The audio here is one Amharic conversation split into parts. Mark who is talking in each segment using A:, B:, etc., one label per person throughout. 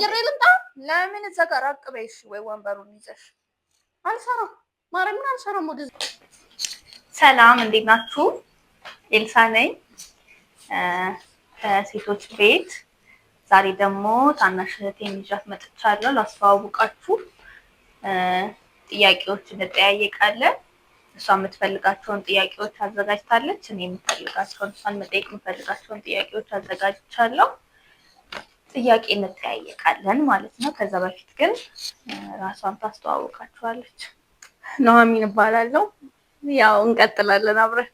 A: ቀይሬ ልምጣ? ለምን እዛ ጋር አቅበይሽ ወይ ወንበሩን ይዘሽ አልሰራም። ማርያምን አልሰራም። ወደ
B: ሰላም፣ እንዴት ናችሁ? ኤልሳ ነኝ ከሴቶች ቤት። ዛሬ ደግሞ ታናሽ እህቴን ይዣት መጥቻለሁ ላስተዋውቃችሁ። ጥያቄዎች እንጠያየቃለን። እሷ የምትፈልጋቸውን ጥያቄዎች አዘጋጅታለች። እኔ የምፈልጋቸውን እሷን መጠየቅ የምፈልጋቸውን ጥያቄዎች አዘጋጅቻለሁ። ጥያቄ እንጠያየቃለን ማለት ነው። ከዛ በፊት ግን ራሷን ታስተዋውቃችኋለች። ኑሐሚን እባላለሁ። ያው እንቀጥላለን አብረን።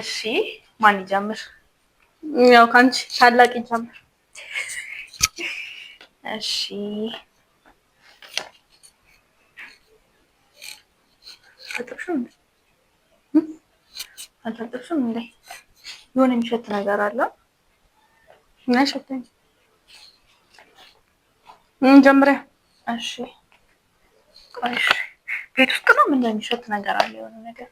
B: እሺ ማን ይጀምር?
A: ያው ከአንቺ ታላቅ ይጀምር።
B: እሺ አልታጠብሽም እንዴ? የሆነ የሚሸት ነገር አለው ሸኝ ጀምሪያ እሺ ቆይሽ
A: ቤት ውስጥ ነው ምን የሚሸት ነገር አለ? የሆነ ነገር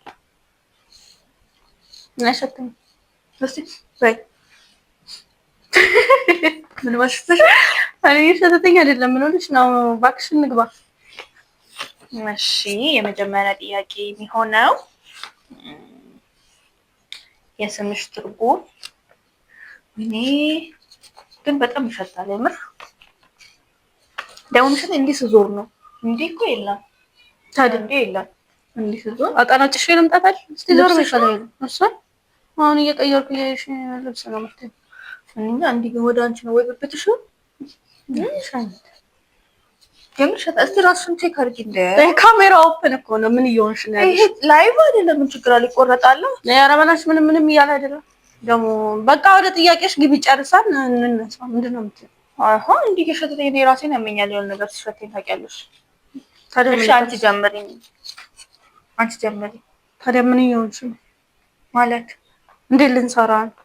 B: ምን ማሽተሽ? እኔ እየሸተተኝ አይደለም። ምን ሆነሽ ነው? እባክሽ እንግባ። እሺ የመጀመሪያ ጥያቄ የሚሆነው የስምሽ ትርጉም እኔ ግን በጣም ይሸታል። የምር
A: ዳውንሽን እንዲህ ስዞር ነው።
B: እንዲህ እኮ የለም ታዲያ፣ እንዲህ የለም።
A: እንዲህ ስዞር አጣናጭሽ ልምጣታል። እስቲ ዞር ይሻላል። እሱ አሁን እየቀየርኩ እያይሽ ልብስ ነው ማለት ነው። እኛ እንዲህ ግን ወደ አንቺ ነው ወይ ብትሽ እስቲ ራሱን ቼክ አድርጊ። እንደ
B: ካሜራ ኦፕን እኮ ነው። ምን እየሆንሽ
A: ነው? ላይቭ አይደለም። ምን ችግር አለ? ይቆረጣል።
B: ኧረ ምንም ምንም እያለ አይደለም
A: ደግሞ በቃ ወደ ጥያቄሽ ግቢ። ጨርሳል እንነሳ። ምንድን ነው የምትይው? አሀ እንዲህ የሸተተኝ እኔ ራሴን ያመኛል። የሆነ ነገር ሲሸተኝ ታውቂያለሽ።
B: ታዲያ አንቺ ጀምሪ፣ አንቺ ጀምሪ። ታዲያ ምን እየሆንሽ ነው? ማለት እንዴ ልንሰራ ነው?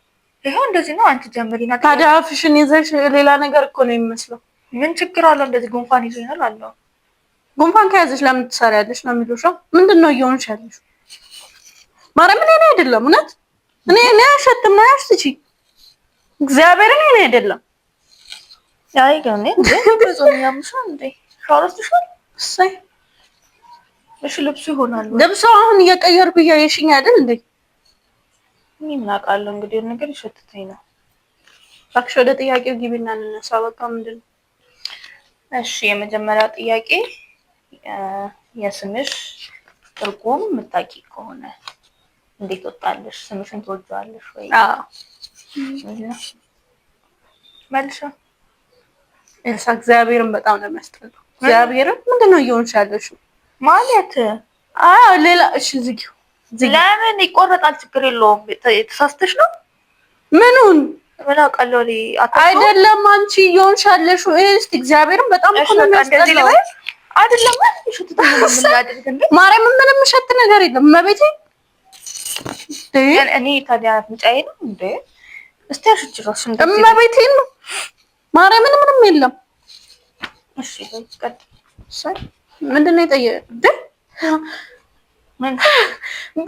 A: ይኸው እንደዚህ ነው። አንቺ ጀምሪ።
B: ታዲያ አፍሽን ይዘሽ ሌላ ነገር እኮ ነው የሚመስለው።
A: ምን ችግር አለው? እንደዚህ ጉንፋን ይዞኛል አለው።
B: ጉንፋን ከያዘሽ ለምን ትሰሪያለሽ ነው የሚሉሽ። ምንድን ነው እየሆንሽ ያለሽ? ማርያምን እኔ አይደለም እውነት እኔ እኔ አሸትም ነው ያሽትቺ እግዚአብሔርን እኔ አይደለም
A: አይ ገኔ እሺ ልብሱ ይሆናል።
B: ልብሱ አሁን እየቀየር ብያ የሽኝ አይደል እንዴ?
A: ምን እንግዲህ ነገር ይሸትተኝ ነው። እባክሽ ወደ ጥያቄው ግቢና እንነሳ። በቃ ምንድን ነው?
B: እሺ የመጀመሪያው ጥያቄ የስምሽ ትርጉም ምታቂ ከሆነ እንዴት ወጣለሽ? ስምሽን ትወጂዋለሽ ወይ? መልሻ
A: ኤልሳ እግዚአብሔርን በጣም ነው የሚያስጠላው። እግዚአብሔርን ምንድን ነው እየሆንሽ ያለሽ? ማለት አዎ፣ ሌላ እሺ፣ ዝጊው።
B: ለምን ይቆረጣል? ችግር የለውም። የተሳስተሽ ነው። ምኑን ምን አውቃለሁ እኔ።
A: አይደለም አንቺ እየሆንሽ ያለሽ እስቲ እግዚአብሔርን በጣም
B: እኮ ነው የሚያስጠላው።
A: አይደለም ማርያምን፣ ምንም እሸት ነገር የለም መቤቴ እኔ ታዲያ ምጫዬ ነው እንዴ? እስቲ ራሱ
B: ነው ማርያምን፣ ምንም የለም። እሺ ምንድን ነው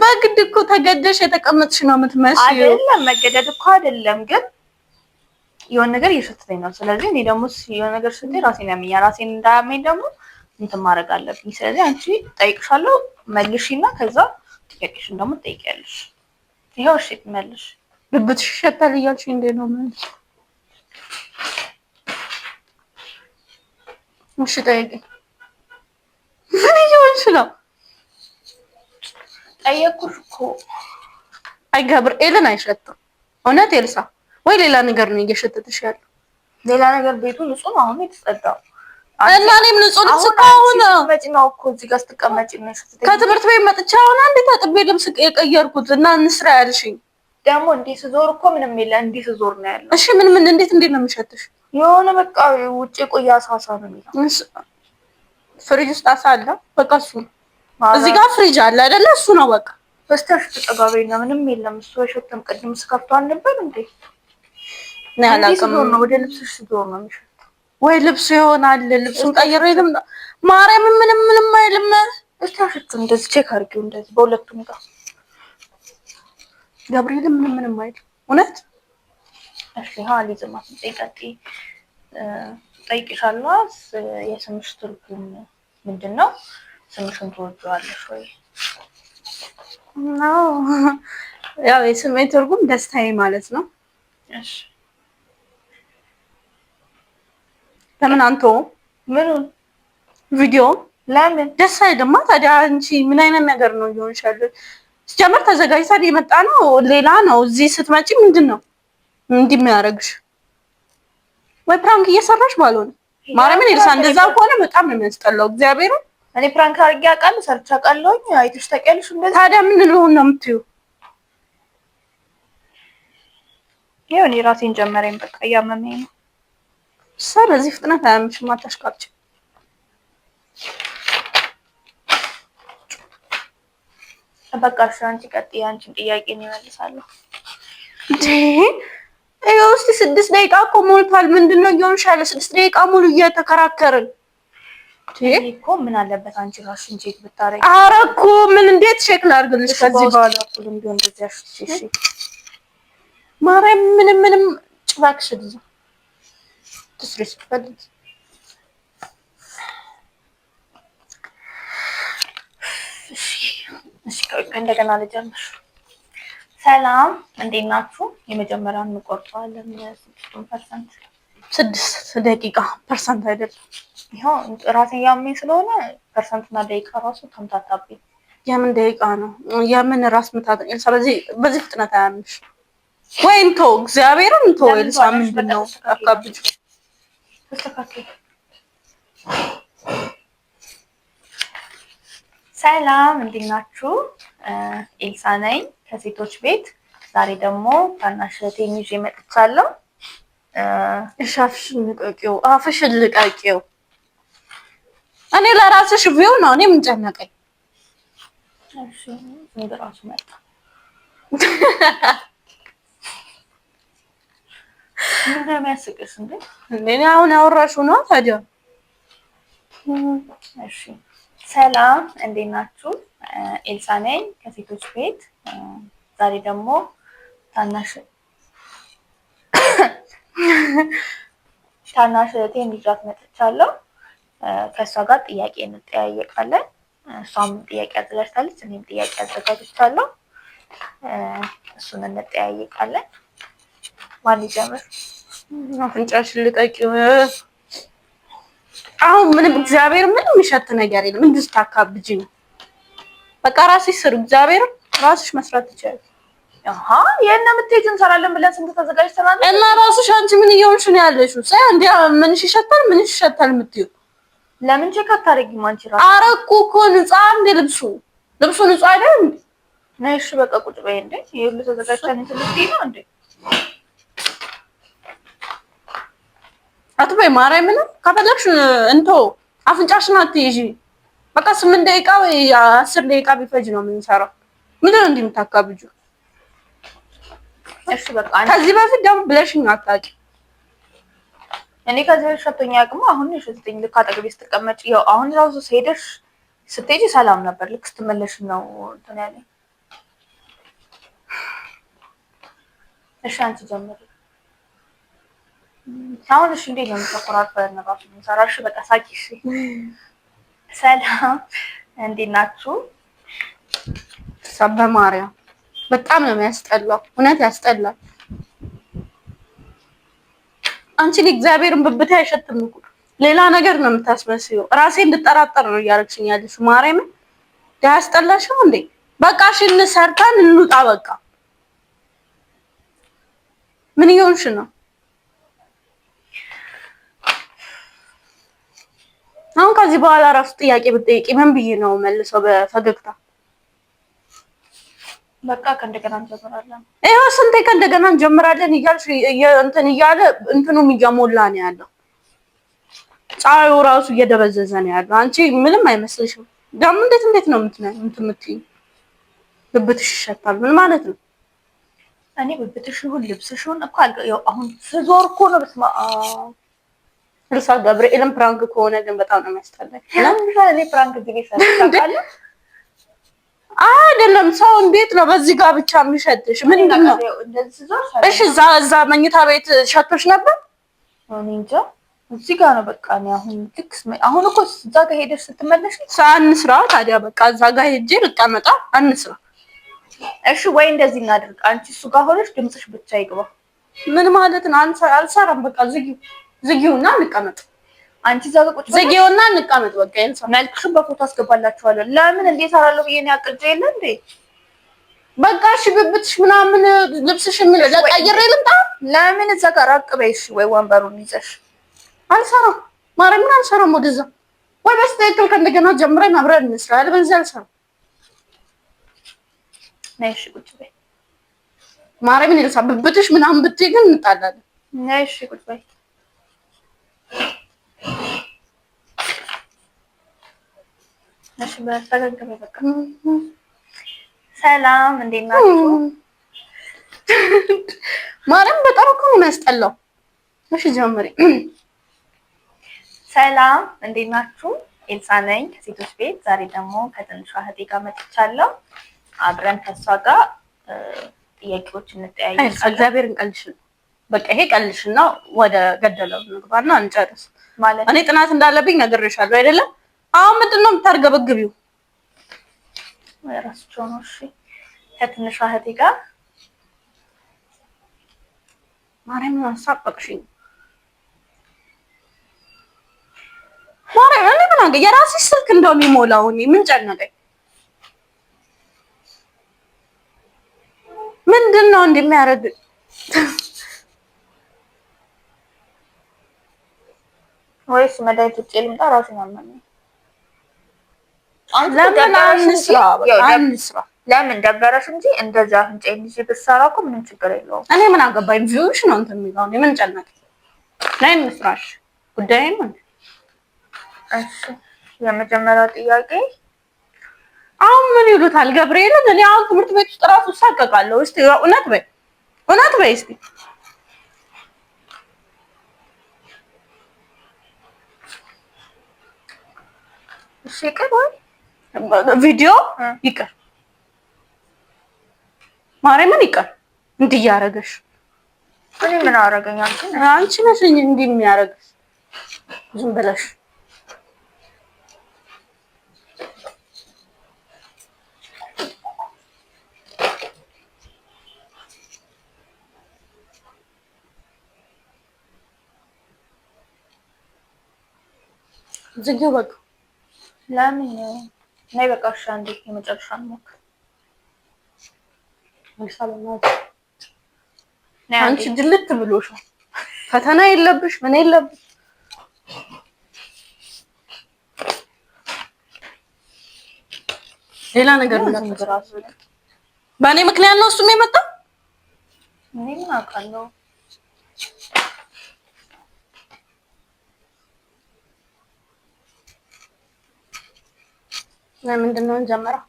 B: በግድ እኮ ተገደሽ የተቀመጥሽ ነው
A: አይደለም መገደድ እኮ አይደለም፣ ግን የሆነ ነገር እየሸተተኝ ነው። ስለዚህ እኔ ደግሞ የሆነ ነገር ራሴን ራሴን እንዳያመኝ ደግሞ እንትን ማድረግ አለብኝ። ስለዚህ አንቺ ጠይቅሻለሁ ከዛ ጥያቄሽን ደግሞ ይኸው እሺ፣ መልሽ።
B: ብብትሽ ይሸታል እያልሽ እንዴ ነው? መልሽ። እሺ፣ ጠይቂ። ምን እየሆንሽ ነው?
A: ጠየኩሽ እኮ።
B: አይ ገብርኤልን አይሸትም። እውነት ኤልሳ፣ ወይ ሌላ ነገር ነው እየሸተተሽ ያለው?
A: ሌላ ነገር ቤቱ ንጹህ ነው አሁን የተጸዳው
B: እና እኔም ንጹህ ልብስ ከሆነ ከትምህርት ቤት መጥቼ አሁን አንዴ ታጥቤ ልብስ የቀየርኩት እና እንስራ ያልሽኝ
A: ደግሞ እንዲህ ስዞር እኮ ምንም የለ እንዲህ ስዞር ነው ያለው።
B: እሺ ምን ምን እንዴት እንዴት ነው የሚሸትሽ?
A: የሆነ በቃ ውጭ ቆያ አሳሳ ነው የሚለው።
B: ፍሪጅ ውስጥ አሳ አለ። በቃ እሱ ነው እዚህ ጋር ፍሪጅ አለ አይደለ? እሱ ነው በቃ።
A: በስተሽ ተጠጋበኝ ነው ምንም የለም። እሱ አይሸትም። ቅድም ስከፍቷል ነበር እንዴ ወደ ልብስሽ ስዞር ነው የሚሸት
B: ወይ ልብሱ ይሆናል። ልብሱን ቀይሮ ልምጣ። ማርያም ምንም ምንም አይልም።
A: እስታፍት እንደዚህ ቼክ አድርጊው፣ እንደዚህ በሁለቱም ጋር
B: ገብርኤልም ምንም ምንም አይልም። እውነት እሺ፣ ሃሊ ዘማት ጠይቃቂ ጠይቅሻለሁ። የስምሽ ትርጉም ምንድን ነው? ስምሽን ትወጂዋለሽ ወይ? ያው የስሜ ትርጉም ደስታዬ ማለት ነው። እሺ ለምን አንተ ምኑን ቪዲዮ ለምን ደስ አይልማ? ታዲያ አንቺ ምን አይነት ነገር ነው እየሆንሻል? ሲጀመር ተዘጋጅታል የመጣ ነው ሌላ ነው። እዚህ ስትመጪ ምንድን ነው እንዲህ የሚያደርግሽ? ወይ ፕራንክ እየሰራሽ ባልሆነ ማርያምን ይርሳ። እንደዛ ከሆነ በጣም ነው የሚያስጠላው። እግዚአብሔር
A: እኔ ፕራንክ አድርጌ አውቃለሁ፣ ሰርቼ አውቃለሁ። አይተሽ ታውቂያለሽ። እንደዚህ
B: ታዲያ ምን ልሆን ነው የምትዩ?
A: ይኸው እኔ ራሴን ጀመረኝ። በቃ እያመመኝ ነው
B: ሰ በዚህ ፍጥነት አያምሽም። አታሽቃብጭ።
A: በቃ እሺ፣ አንቺ ቀጥይ። ጥያቄ እንመልሳለሁ።
B: ይኸው እስኪ ስድስት ደቂቃ እኮ ሞልቷል። ምንድን ነው እየሆንሽ ያለ? ስድስት ደቂቃ ሙሉ እየተከራከርን
A: እኮ ምን አለበት አንቺ ራስሽን ቼክ ብታረጊ።
B: ኧረ እኮ ምን እንዴት ቼክ ላድርግልሽ? ከዚህ በኋላ እኩል እንዲሆን ማርያም ምንም ምንም ጭባክሽ ልጅ disrespect እንደገና ልጀምር። ሰላም እንዴት ናችሁ? የመጀመሪያውን እንቆርጠዋለን። ስድስቱን ፐርሰንት ስድስት ደቂቃ ፐርሰንት አይደለም።
A: ይኸው ራሴ ስለሆነ ፐርሰንትና ደቂቃ ራሱ ተምታታብኝ።
B: የምን ደቂቃ ነው? የምን ራስ ምታት? ስለዚህ በዚህ ፍጥነት አያምሽ ወይም ተው፣ እግዚአብሔርን ተው። ምንድን ነው ሰላም እንዴት ናችሁ? ኤልሳ ነኝ ከሴቶች ቤት። ዛሬ ደግሞ ታናሽ እህቴን ይዤ መጥቻለሁ። አፍሽን ልቀቂው፣ አፍሽን ልቀቂው። እኔ ለራስሽ ቢሆን ነው እኔ ምን ጨነቀኝ።
A: እሺ መጣ እንደሚያስቅስ
B: እንዴ አሁን አወራሹ ነው ታዲያ። እሺ ሰላም፣ እንዴት ናችሁ? ኤልሳ ነኝ ከሴቶች ቤት። ዛሬ ደግሞ ታናሽ ታናሽ እህቴን ይዣት መጥቻለሁ። ከእሷ ጋር ጥያቄ እንጠያየቃለን። እሷም ጥያቄ አዘጋጅታለች፣ እኔም ጥያቄ አዘጋጅቻለሁ። እሱን እንጠያየቃለን። ማን ይጀምር? አፍንጫሽን ልጠቂ። አሁን ምንም እግዚአብሔር ምንም የሚሸት ነገር የለም። እንዲሁ ስታካብጂ ነው። በቃ ራስሽ ስሩ። እግዚአብሔር ራስሽ መስራት ትችላለሽ።
A: አሃ የእነ የምትሄጂው እንሰራለን ብለን ስንት ተዘጋጅተናል።
B: እና ራስሽ አንቺ ምን እየሆንሽ ነው ያለሽው? ሳይ አንዴ ምንሽ ይሸታል፣ ምንሽ ይሸታል የምትይው
A: ለምን ቼክ አታደርጊም? አንቺ
B: ራስ አረቁ እኮ ንጻ እንደ ልብሱ ልብሱ ንጻ አይደል?
A: ነይ እሺ፣ በቃ ቁጭ በይ እንዴ። ይሄ ሁሉ ተዘጋጅተን እንትን ልትይ ነው እንዴ?
B: አትበይ ማርያምን ከፈለግሽ እንቶ አፍንጫሽን አትይዢ። በቃ ስምንት ደቂቃ ወይ አስር ደቂቃ ቢፈጅ ነው የምንሰራው። ምንድን ነው እንዲህ የምታካብጁ? እሺ በቃ ከዚህ በፊት ደግሞ ብለሽኝ አታውቂም።
A: እኔ ከዚህ በፊት ሸቶኛ አቅሙ አሁን ሸቶኝ ልክ አጠገቤ ስትቀመጭ ያው አሁን ራሱ ሄደሽ ስትሄጂ ሰላም ነበር። ልክ ስትመለሽ ነው እንትን ያለኝ። እሺ አንቺ ጀምሪ አሁን እሺ፣ እንዴት ነው ተቆራርጠን ራሱ ሰራሽ? በቃ ሳቂ። እሺ፣
B: ሰላም፣ እንዴት ናችሁ? በማርያም በጣም ነው የሚያስጠላው። እውነት ያስጠላል። አንቺ እግዚአብሔርን ብብታ አይሸትም እኮ ሌላ ነገር ነው የምታስመስይው። ራሴ እንድጠራጠር ነው እያደረግሽኝ ያለሽ። ማርያም ያስጠላሽው እንዴ! በቃ ሽን እንሰርታን እንውጣ። በቃ ምን እየሆንሽ ነው? አሁን ከዚህ በኋላ ራሱ ጥያቄ ብትጠይቂ ምን ብዬ ነው መልሰው? በፈገግታ
A: በቃ ከእንደገና እንጀምራለን።
B: ይኸው ስንቴ ከእንደገና እንጀምራለን እያልሽ እንትን እያለ እንትኑም እየሞላ ነው ያለው። ፀሐዩ ራሱ እየደበዘዘ ነው ያለው። አንቺ ምንም አይመስልሽም። ደግሞ እንዴት እንዴት ነው የምትምትይኝ? ብብትሽ ይሸታል። ምን ማለት ነው?
A: እኔ ብብትሽ ይሁን ልብስሽ ይሁን እኮ አሁን ስዞር እኮ ነው። በስመ ልሳ ገብርኤልም ፕራንክ ከሆነ ግን በጣም ነው የሚያስጠላኝ። ለምሳሌ ፕራንክ ጊዜ ሰርታለ
B: አይደለም ሰውን ቤት ነው በዚህ ጋር ብቻ የሚሸጥሽ ምንድን ነው? እሺ እዛ እዛ መኝታ ቤት ሸቶሽ ነበር።
A: እኔ እንጃ እዚህ ጋር ነው በቃ ነው አሁን ትክስ አሁን እኮ እዛ ጋር ሄደሽ ስትመለሽ
B: አንስራ ታዲያ በቃ እዛ ጋር ሄጄ ልቀመጣ አንስራ።
A: እሺ ወይ እንደዚህ እናድርግ። አንቺ እሱ ጋር ሆነሽ ድምጽሽ ብቻ ይግባ።
B: ምን ማለት ነው? አልሰራም በቃ ዝጊው ዝጊውና እንቀመጥ። አንቺ እዛ ቁጭ ዝጊውና እንቀመጥ። በቃ ይሄን
A: መልክሽን በፎቶ አስገባላችኋለሁ። ለምን እንዴት አላለሁ ብዬ ነው ያቀጀ የለ እንዴ
B: በቃ እሺ፣ ብብትሽ ምናምን ልብስሽ የሚል ቀይሬ ልምጣ።
A: ለምን እዛ ጋር ራቅ በይሽ፣ ወይ ወንበሩን ይዘሽ
B: አልሰራም። ማርያምን አልሰራም። ወደዛ ወይ በስተክል ከእንደገና ጀምረን አብረን እንስራ። አለበለዚያ አልሰራም።
A: ነይ እሺ፣ ቁጭ በይ።
B: ማርያምን ይልሳ ብብትሽ ምናምን ብትይ ግን እንጣላለን።
A: ነይ እሺ፣ ቁጭ በይ።
B: ሰላም እንዴት ናችሁ? ማርያም በጣም እኮ ነው የሚያስጠላው። እሺ ጀምሪ። ሰላም እንዴት ናችሁ? ኤልሳ ነኝ ከሴቶች ቤት። ዛሬ ደግሞ ከትንሿ እህቴ ጋር መጥቻለሁ። አብረን ከእሷ ጋር ጥያቄዎች እንጠያየን። እግዚአብሔርን ቀልሽን በቃ ይሄ ቀልሽና ወደ ገደለው ንግባና እንጨርስ። ማለት እኔ ጥናት እንዳለብኝ ነግሬሻለሁ አይደለም አሁን ምንድን ነው የምታርገበግቢው?
A: ራስቸው ነው። እሺ ከትንሿ እህቴ ጋር
B: ማርያምን አሳቀቅሽኝ። ማርያምን እኔ ምን አገኘ? የራስሽ ስልክ እንደውም የሚሞላው እኔ ምን ጨነቀኝ? ምንድን ነው እንደሚያደርግ
A: ወይስ መድኃኒት ውጭ ልምጣ? ራሱን አመመኝ። ለምን ደበረሽ እንጂ እንደዛ ብትሰራ እኮ ምንም ችግር የለውም።
B: እኔ ምን አገባኝ? ነው እንትን የሚለው ምን ላይ ምስራሽ ጉዳይ ነው። እሺ የመጀመሪያው ጥያቄ አሁን ምን ይሉታል ገብርኤልን? እኔ አሁን ትምህርት ቤት ውስጥ ራሱ እሳቀቃለሁ። እስቲ እውነት በይ እውነት በይ እስቲ እሺ ቪዲዮ ይቅር፣ ማርያምን ይቅር። እንዲህ እያደረገሽ
A: እኔ ምን አደረገኝ?
B: አንቺ ነሽ እንዲህ የሚያደርግሽ ዝም ብለሽ ዝጊው በቃ
A: ለምን ነይ በቃ እሺ፣ አንዴ የመጨረሻ እንሞክር።
B: አንቺ ድልት ብሎሻል። ፈተና የለብሽ ምን የለብሽ። ሌላ ነገር በእኔ ምክንያት ነው እሱም የመጣው
A: እኔ ምን አውቃለሁ።
B: ለምንድን ነው እንጀምረው?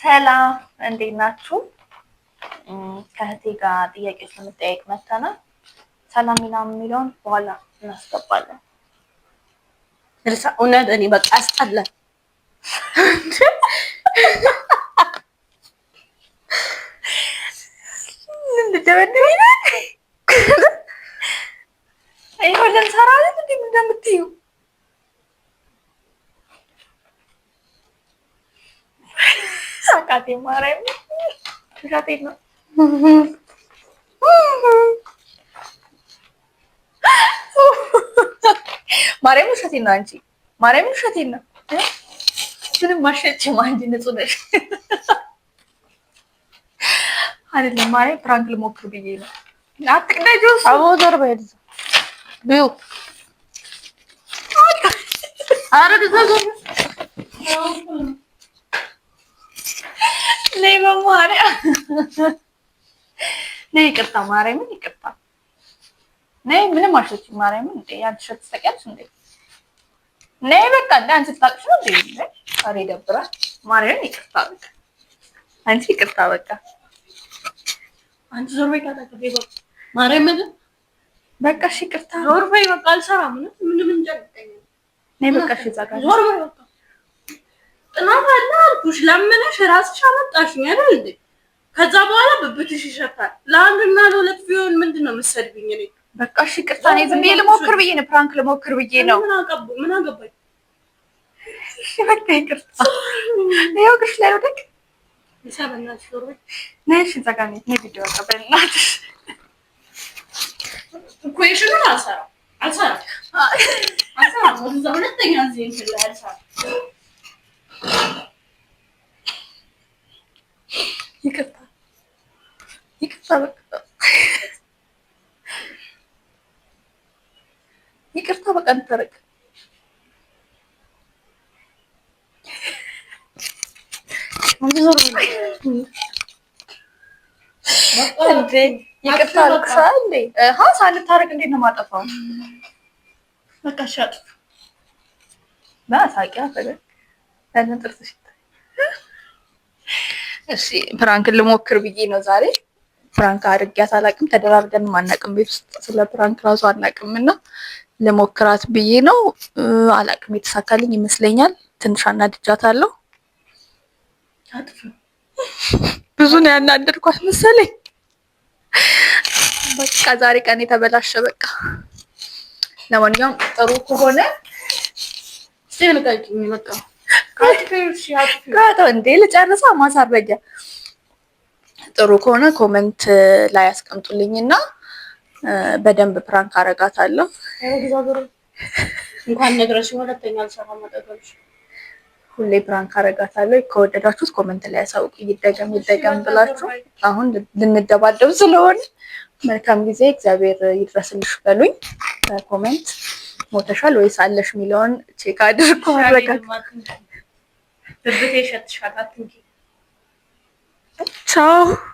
B: ሰላም እንዴት ናችሁ? ከእህቴ ጋር ጥያቄዎች ለመጠያየቅ መጥተናል። ሰላም ሚላም የሚለውን በኋላ እናስገባለን። እውነት እኔ በቃ ያስጠላል።
A: ይሆን ልንሰራ እንደምትዩ እሳቴ ማርያም እሳቴ ነው።
B: ማርያም እሸቴ ነው። አንቺ ማርያም እሸቴ ነው። ምንም ማሸችም አንቺ ንጹህ ነሽ አይደለም። ማርያም ፕራንክ ልሞክር ብዬ ነው። አትቅደጁ
A: አቦዘር በሄድ
B: ቢዩ አረድ ዘዞ ነይ በማርያ ነይ፣ ይቅርታ ማርያምን፣ ይቅርታ ነይ። ምንም አልሸች ማርያምን። እንዴ አንቺ ሸት ትጠቂያለሽ እንዴ? ነይ በቃ እንደ አንቺ ትጣቅሽ ነው እንዴ? ኧረ ይደብራል። ማርያምን ይቅርታ በቃ አንቺ ይቅርታ በቃ አንቺ ዞር በይ ካታ በቃ ማርያምን በቃ እሺ፣ ይቅርታ
A: ዞር በይ በቃ አልሰራም። ምን ምን ምን
B: ነይ በቃ እሺ፣ ዞር
A: በይ በቃ ብሎሽ ለምነሽ ራስሽ አመጣሽኝ አይደል እንዴ? ከዛ በኋላ ብብትሽ ይሸታል። ለአንድና ለሁለት ቢሆን ምንድን ነው የምትሰድብኝ? እኔ
B: በቃ እሺ፣ ቅርታ እኔ ዝም ብዬ ልሞክር ብዬ ነው፣ ፕራንክ ልሞክር ብዬ ነው።
A: ምን አገባኝ?
B: በቃ ይቅርታ። ይወቅሽ ግሽ ላይ ወደቅ ነሽ ዘጋኔ ዘጋሚ ቪዲዮ አቀበልናት
A: ኢኩዌሽኑ አልሰራም አልሰራም አልሰራም ወደዛ ሁለተኛ ዜ ይችላል አልሰራም
B: ይቅርታ በቃ እንታረቅ። ይቅርታ ልቅሳ እንዴ
A: ሳንታረቅ እንዴት ነው የማጠፋው? በቃ እሺ አጥፍ። ሳቂያ ጥርስ
B: እሺ፣ ፕራንክን ልሞክር ብዬ ነው ዛሬ ፕራንክ አድርጊያት አላቅም። ተደራርገን አናቅም። ቤት ውስጥ ስለ ፕራንክ ራሱ አናቅም እና ለሞክራት ብዬ ነው አላቅም። የተሳካልኝ ይመስለኛል። ትንሽ አናድጃታለሁ። ብዙ ነው ያናደድኳት መሰለኝ። በቃ ዛሬ ቀን የተበላሸ በቃ። ለማንኛውም ጥሩ ከሆነ ልጨርሳ ማሳረጊያ ጥሩ ከሆነ ኮመንት ላይ አስቀምጡልኝ እና በደንብ ፕራንክ አረጋታለሁ።
A: እንኳን ነግረሽ ሁለተኛ
B: ሁሌ ፕራንክ አረጋታለሁ። ከወደዳችሁት ኮመንት ላይ ያሳውቅ። ይደገም ይደገም ብላችሁ አሁን ልንደባደብ ስለሆነ መልካም ጊዜ፣ እግዚአብሔር ይድረስልሽ በሉኝ። በኮመንት ሞተሻል ወይስ አለሽ የሚለውን ቼክ አድርጎ ማረጋት 超。